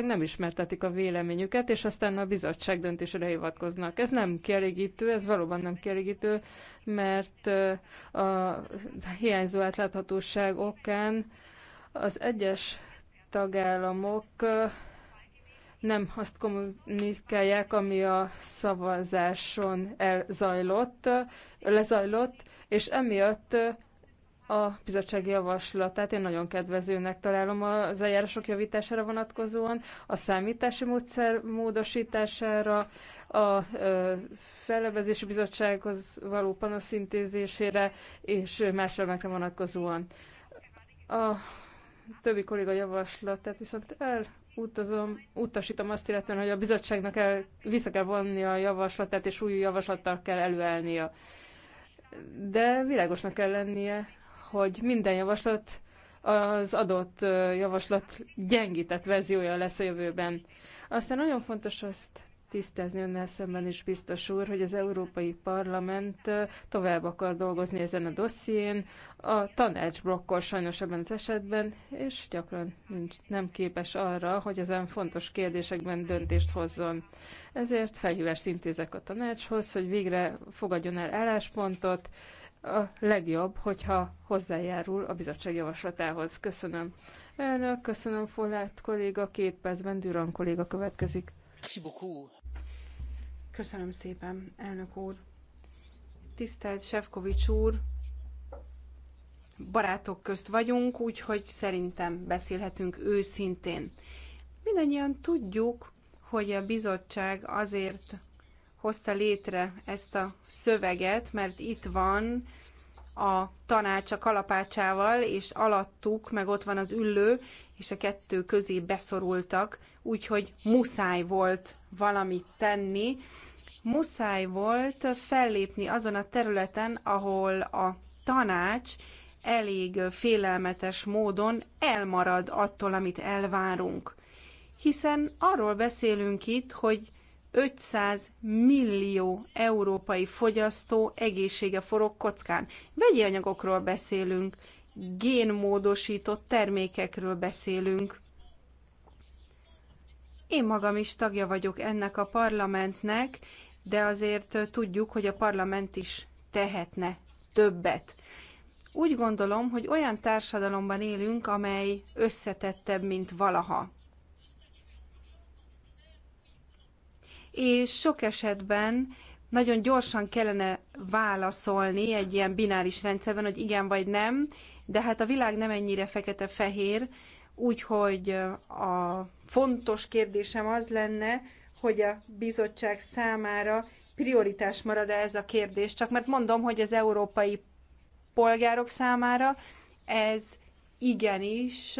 nem ismertetik a véleményüket, és aztán a bizottság döntésére hivatkoznak. Ez nem kielégítő, ez valóban nem kielégítő, mert a hiányzó átláthatóság okán az egyes tagállamok nem azt kommunikálják, ami a szavazáson elzajlott, lezajlott, és emiatt a bizottság javaslatát én nagyon kedvezőnek találom az eljárások javítására vonatkozóan, a számítási módszer módosítására, a fellebezési bizottsághoz való panaszintézésére és más elemekre vonatkozóan. A többi kolléga javaslatát viszont el utazom, utasítom azt illetően, hogy a bizottságnak el, vissza kell vonni a javaslatát, és új javaslattal kell előállnia. De világosnak kell lennie, hogy minden javaslat az adott javaslat gyengített verziója lesz a jövőben. Aztán nagyon fontos azt tisztázni önnel szemben is biztos úr, hogy az Európai Parlament tovább akar dolgozni ezen a dosszién, a tanács blokkol sajnos ebben az esetben, és gyakran nincs, nem képes arra, hogy ezen fontos kérdésekben döntést hozzon. Ezért felhívást intézek a tanácshoz, hogy végre fogadjon el álláspontot, a legjobb, hogyha hozzájárul a bizottság javaslatához. Köszönöm. Elnök, köszönöm Follát kolléga, két percben Düran kolléga következik. Köszönöm szépen, elnök úr. Tisztelt Sefkovics úr, barátok közt vagyunk, úgyhogy szerintem beszélhetünk őszintén. Mindannyian tudjuk, hogy a bizottság azért hozta létre ezt a szöveget, mert itt van a tanács a kalapácsával, és alattuk, meg ott van az üllő, és a kettő közé beszorultak, úgyhogy muszáj volt valamit tenni. Muszáj volt fellépni azon a területen, ahol a tanács elég félelmetes módon elmarad attól, amit elvárunk. Hiszen arról beszélünk itt, hogy 500 millió európai fogyasztó egészsége forog kockán. Vegyi anyagokról beszélünk, génmódosított termékekről beszélünk. Én magam is tagja vagyok ennek a parlamentnek, de azért tudjuk, hogy a parlament is tehetne többet. Úgy gondolom, hogy olyan társadalomban élünk, amely összetettebb, mint valaha és sok esetben nagyon gyorsan kellene válaszolni egy ilyen bináris rendszerben, hogy igen vagy nem, de hát a világ nem ennyire fekete-fehér, úgyhogy a fontos kérdésem az lenne, hogy a bizottság számára prioritás marad -e ez a kérdés, csak mert mondom, hogy az európai polgárok számára ez igenis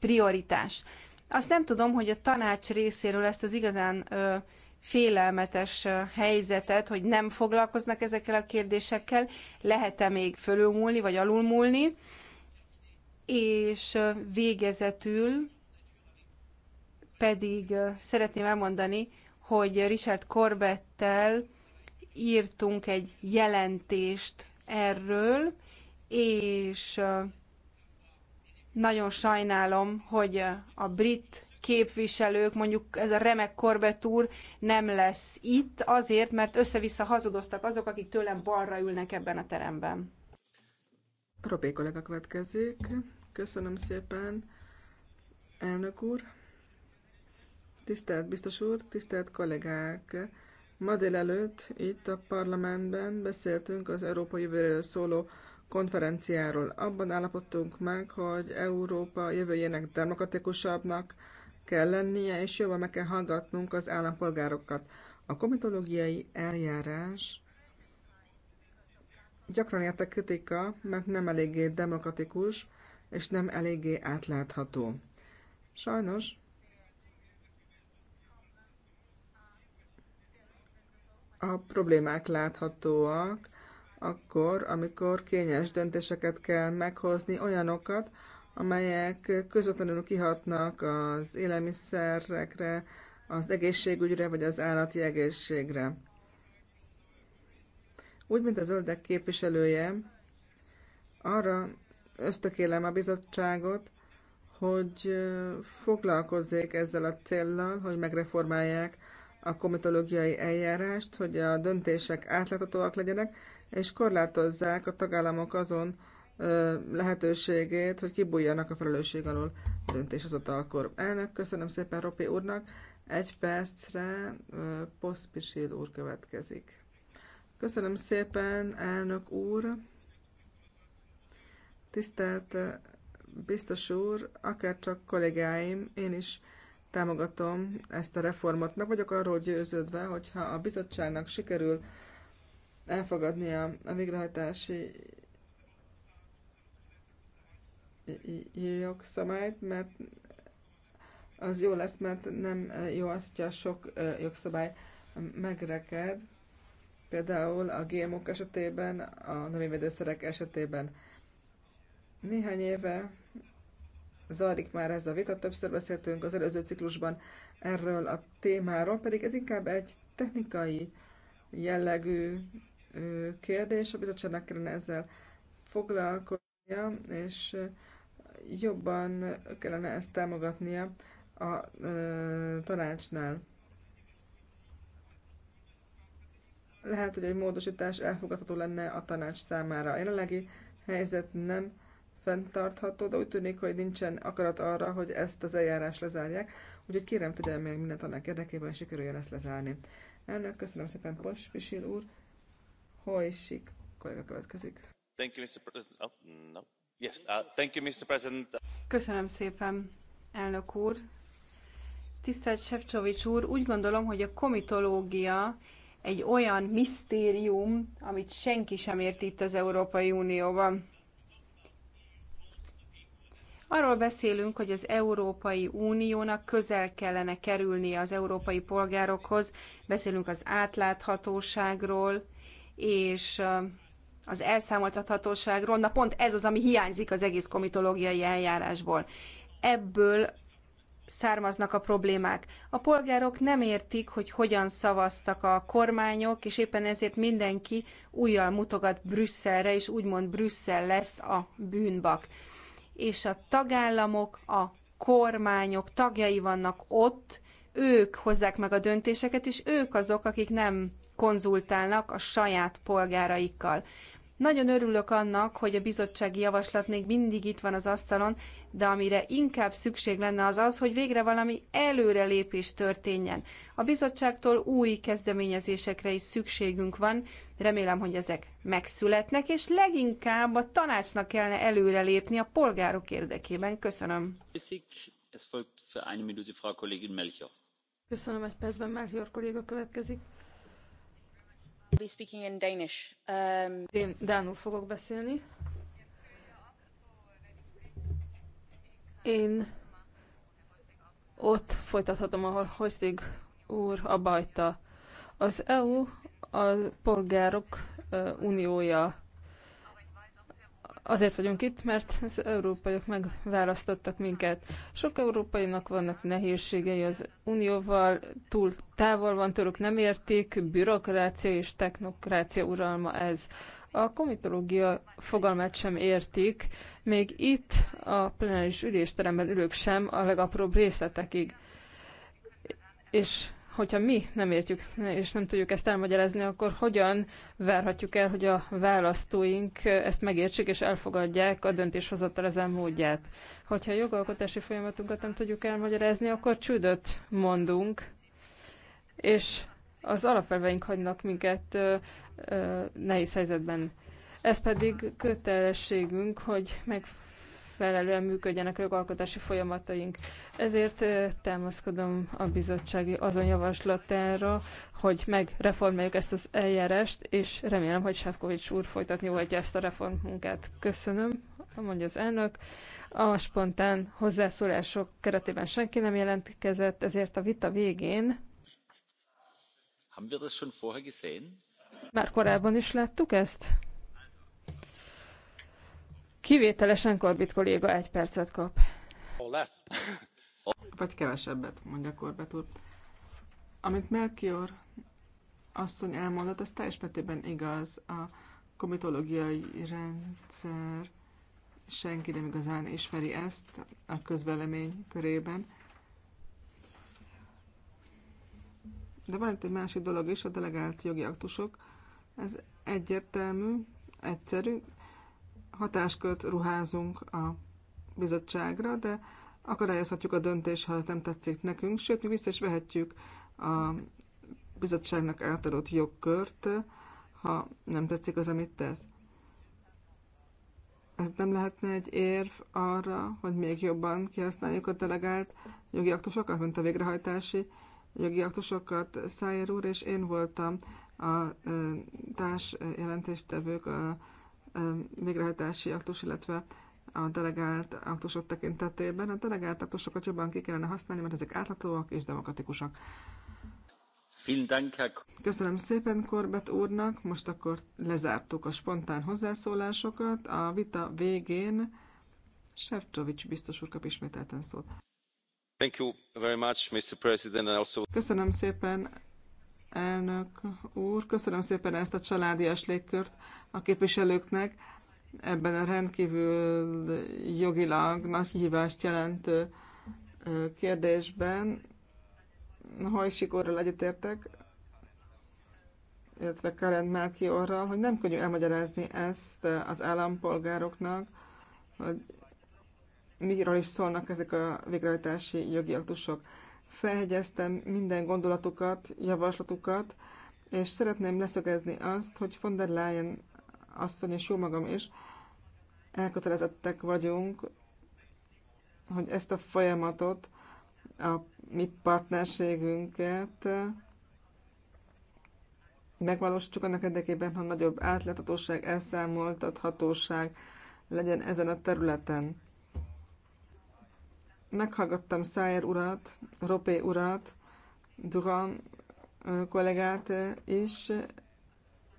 prioritás. Azt nem tudom, hogy a tanács részéről ezt az igazán ö, félelmetes helyzetet, hogy nem foglalkoznak ezekkel a kérdésekkel, lehet-e még fölülmúlni, vagy alulmúlni, és végezetül pedig szeretném elmondani, hogy Richard Corbettel írtunk egy jelentést erről, és nagyon sajnálom, hogy a brit képviselők, mondjuk ez a remek Corbett úr nem lesz itt, azért, mert össze-vissza hazudoztak azok, akik tőlem balra ülnek ebben a teremben. Robé kollega következik. Köszönöm szépen, elnök úr. Tisztelt biztos úr, tisztelt kollégák! Ma délelőtt itt a parlamentben beszéltünk az európai jövőről szóló konferenciáról. Abban állapodtunk meg, hogy Európa jövőjének demokratikusabbnak kell lennie, és jobban meg kell hallgatnunk az állampolgárokat. A komitológiai eljárás gyakran érte kritika, mert nem eléggé demokratikus, és nem eléggé átlátható. Sajnos a problémák láthatóak, akkor, amikor kényes döntéseket kell meghozni, olyanokat, amelyek közvetlenül kihatnak az élelmiszerekre, az egészségügyre vagy az állati egészségre. Úgy, mint a zöldek képviselője, arra ösztökélem a bizottságot, hogy foglalkozzék ezzel a céllal, hogy megreformálják a komitológiai eljárást, hogy a döntések átláthatóak legyenek, és korlátozzák a tagállamok azon lehetőségét, hogy kibújjanak a felelősség alól döntéshozatalkor. Elnök, köszönöm szépen Ropi úrnak. Egy percre Poszpisil úr következik. Köszönöm szépen, elnök úr. Tisztelt biztos úr, akár csak kollégáim, én is támogatom ezt a reformot. Meg vagyok arról győződve, hogyha a bizottságnak sikerül a, a végrehajtási jogszabályt, mert az jó lesz, mert nem jó az, hogyha sok jogszabály megreked, például a gmo esetében, a növényvédőszerek esetében. Néhány éve zajlik már ez a vita, többször beszéltünk az előző ciklusban erről a témáról, pedig ez inkább egy technikai jellegű kérdés, a bizottságnak kellene ezzel foglalkoznia, és jobban kellene ezt támogatnia a tanácsnál. Lehet, hogy egy módosítás elfogadható lenne a tanács számára. A jelenlegi helyzet nem fenntartható, de úgy tűnik, hogy nincsen akarat arra, hogy ezt az eljárást lezárják, úgyhogy kérem, tegyen még mindent annak érdekében, hogy sikerüljön ezt lezárni. Elnök, köszönöm szépen, Pospisil úr sik kollega következik. Thank you, Mr. President. Oh, no. Yes, uh, thank you, Mr. President. Köszönöm szépen, elnök úr. Tisztelt Sefcsovics úr, úgy gondolom, hogy a komitológia egy olyan misztérium, amit senki sem ért itt az Európai Unióban. Arról beszélünk, hogy az Európai Uniónak közel kellene kerülnie az európai polgárokhoz, beszélünk az átláthatóságról, és az elszámoltathatóságról, na pont ez az, ami hiányzik az egész komitológiai eljárásból. Ebből származnak a problémák. A polgárok nem értik, hogy hogyan szavaztak a kormányok, és éppen ezért mindenki újjal mutogat Brüsszelre, és úgymond Brüsszel lesz a bűnbak. És a tagállamok, a kormányok tagjai vannak ott, ők hozzák meg a döntéseket, és ők azok, akik nem konzultálnak a saját polgáraikkal. Nagyon örülök annak, hogy a bizottsági javaslat még mindig itt van az asztalon, de amire inkább szükség lenne az az, hogy végre valami előrelépés történjen. A bizottságtól új kezdeményezésekre is szükségünk van, remélem, hogy ezek megszületnek, és leginkább a tanácsnak kellene előrelépni a polgárok érdekében. Köszönöm. Köszönöm, egy percben Melchior kolléga következik. Be speaking in Danish. Um... Én Dánul fogok beszélni. Én ott folytathatom, ahol Hoistig úr abba hagyta. Az EU a polgárok uniója Azért vagyunk itt, mert az európaiak megválasztottak minket. Sok európainak vannak nehézségei az unióval, túl távol van tőlük, nem értik, bürokrácia és technokrácia uralma ez. A komitológia fogalmát sem értik, még itt a plenáris ülésteremben ülők sem a legapróbb részletekig. És hogyha mi nem értjük és nem tudjuk ezt elmagyarázni, akkor hogyan várhatjuk el, hogy a választóink ezt megértsék és elfogadják a döntéshozatal ezen módját? Hogyha a jogalkotási folyamatunkat nem tudjuk elmagyarázni, akkor csődöt mondunk, és az alapelveink hagynak minket ö, ö, nehéz helyzetben. Ez pedig kötelességünk, hogy meg megfelelően működjenek a jogalkotási folyamataink. Ezért támaszkodom a bizottsági azon javaslatára, hogy megreformáljuk ezt az eljárást, és remélem, hogy Sávkovics úr folytatni voltja ezt a reformmunkát. Köszönöm, mondja az elnök. A spontán hozzászólások keretében senki nem jelentkezett, ezért a vita végén... Haben wir das schon vorher gesehen? Már korábban is láttuk ezt? Kivételesen Korbit kolléga egy percet kap. Vagy kevesebbet, mondja Korbit úr. Amit Melchior asszony elmondott, az teljes mértékben igaz. A komitológiai rendszer senki nem igazán ismeri ezt a közvelemény körében. De van itt egy másik dolog is, a delegált jogi aktusok. Ez egyértelmű, egyszerű, hatáskört ruházunk a bizottságra, de akadályozhatjuk a döntést, ha az nem tetszik nekünk, sőt, mi vissza is vehetjük a bizottságnak átadott jogkört, ha nem tetszik az, amit tesz. Ez nem lehetne egy érv arra, hogy még jobban kihasználjuk a delegált jogi aktusokat, mint a végrehajtási jogi aktusokat. Szájer úr és én voltam a társ jelentéstevők a végrehajtási aktus, illetve a delegált aktusok tekintetében. A delegált aktusokat jobban ki kellene használni, mert ezek átlatóak és demokratikusak. Köszönöm szépen Korbet úrnak, most akkor lezártuk a spontán hozzászólásokat. A vita végén Sevcsovics biztos úr kap ismételten szót. Thank you very much, Mr. President, and also... Köszönöm szépen, elnök úr. Köszönöm szépen ezt a családias légkört a képviselőknek. Ebben a rendkívül jogilag nagy kihívást jelentő kérdésben hajsikorral egyetértek, illetve Karen orral, hogy nem könnyű elmagyarázni ezt az állampolgároknak, hogy miről is szólnak ezek a végrehajtási jogi aktusok felhegyeztem minden gondolatukat, javaslatukat, és szeretném leszögezni azt, hogy von der Leyen asszony és jó magam is elkötelezettek vagyunk, hogy ezt a folyamatot, a mi partnerségünket megvalósítsuk annak érdekében, ha nagyobb átláthatóság, elszámoltathatóság legyen ezen a területen meghallgattam Szájer urat, Ropé urat, Duran kollégát is,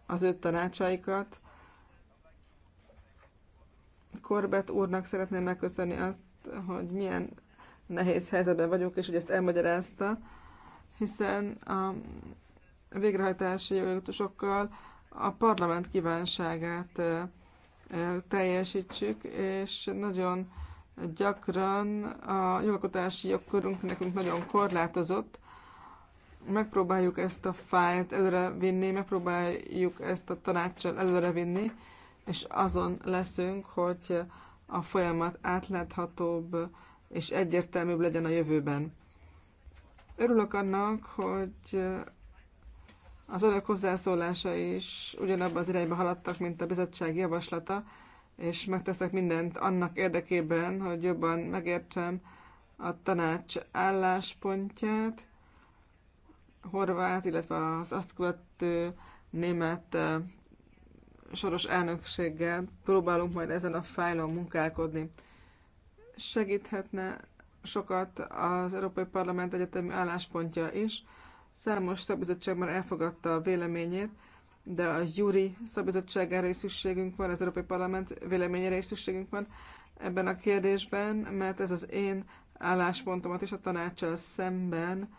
az ő tanácsaikat. Korbet úrnak szeretném megköszönni azt, hogy milyen nehéz helyzetben vagyunk, és hogy ezt elmagyarázta, hiszen a végrehajtási jogosokkal a parlament kívánságát teljesítsük, és nagyon Gyakran a jogalkotási jogkörünk nekünk nagyon korlátozott. Megpróbáljuk ezt a fájlt előre vinni, megpróbáljuk ezt a tanácssal előre vinni, és azon leszünk, hogy a folyamat átláthatóbb és egyértelműbb legyen a jövőben. Örülök annak, hogy az önök hozzászólása is ugyanabban az irányba haladtak, mint a bizottság javaslata, és megteszek mindent annak érdekében, hogy jobban megértsem a tanács álláspontját, horvát, illetve az azt követő német eh, soros elnökséggel próbálunk majd ezen a fájlon munkálkodni. Segíthetne sokat az Európai Parlament egyetemi álláspontja is. Számos szabizottság már elfogadta a véleményét, de a júri szabizottságára is szükségünk van, az Európai Parlament véleményére is szükségünk van ebben a kérdésben, mert ez az én álláspontomat is a tanácssal szemben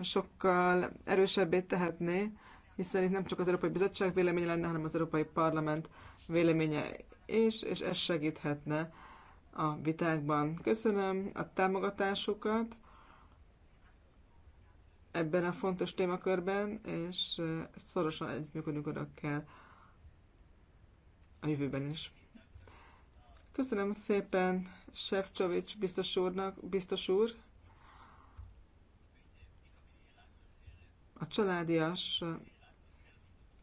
sokkal erősebbé tehetné, hiszen itt nem csak az Európai Bizottság véleménye lenne, hanem az Európai Parlament véleménye is, és ez segíthetne a vitákban. Köszönöm a támogatásukat, ebben a fontos témakörben, és szorosan együttműködünk önökkel a jövőben is. Köszönöm szépen Sefcsovics biztos úrnak, biztos úr. A családias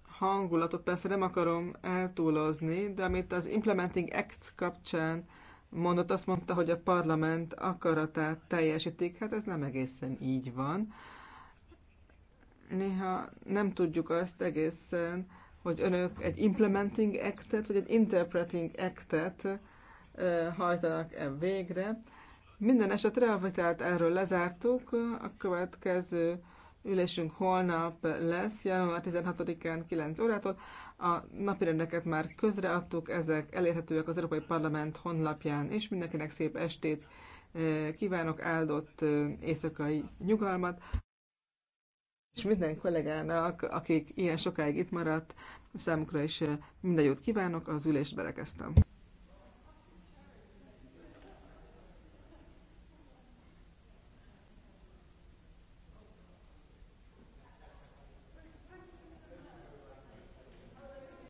hangulatot persze nem akarom eltúlozni, de amit az Implementing Act kapcsán mondott, azt mondta, hogy a parlament akaratát teljesítik. Hát ez nem egészen így van néha nem tudjuk azt egészen, hogy önök egy implementing actet, vagy egy interpreting actet hajtanak-e végre. Minden esetre a vitát erről lezártuk, a következő ülésünk holnap lesz, január 16-án 9 órától. A napirendeket már közreadtuk, ezek elérhetőek az Európai Parlament honlapján, és mindenkinek szép estét kívánok, áldott éjszakai nyugalmat és minden kollégának, akik ilyen sokáig itt maradt, számukra is minden jót kívánok, az ülést berekeztem.